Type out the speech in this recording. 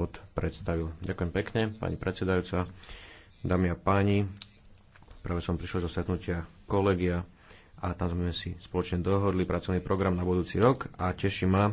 bod predstavil. Ďakujem pekne, pani predsedajúca, dámy a páni. Práve som prišiel zo stretnutia kolegia a tam sme si spoločne dohodli pracovný program na budúci rok a teší ma,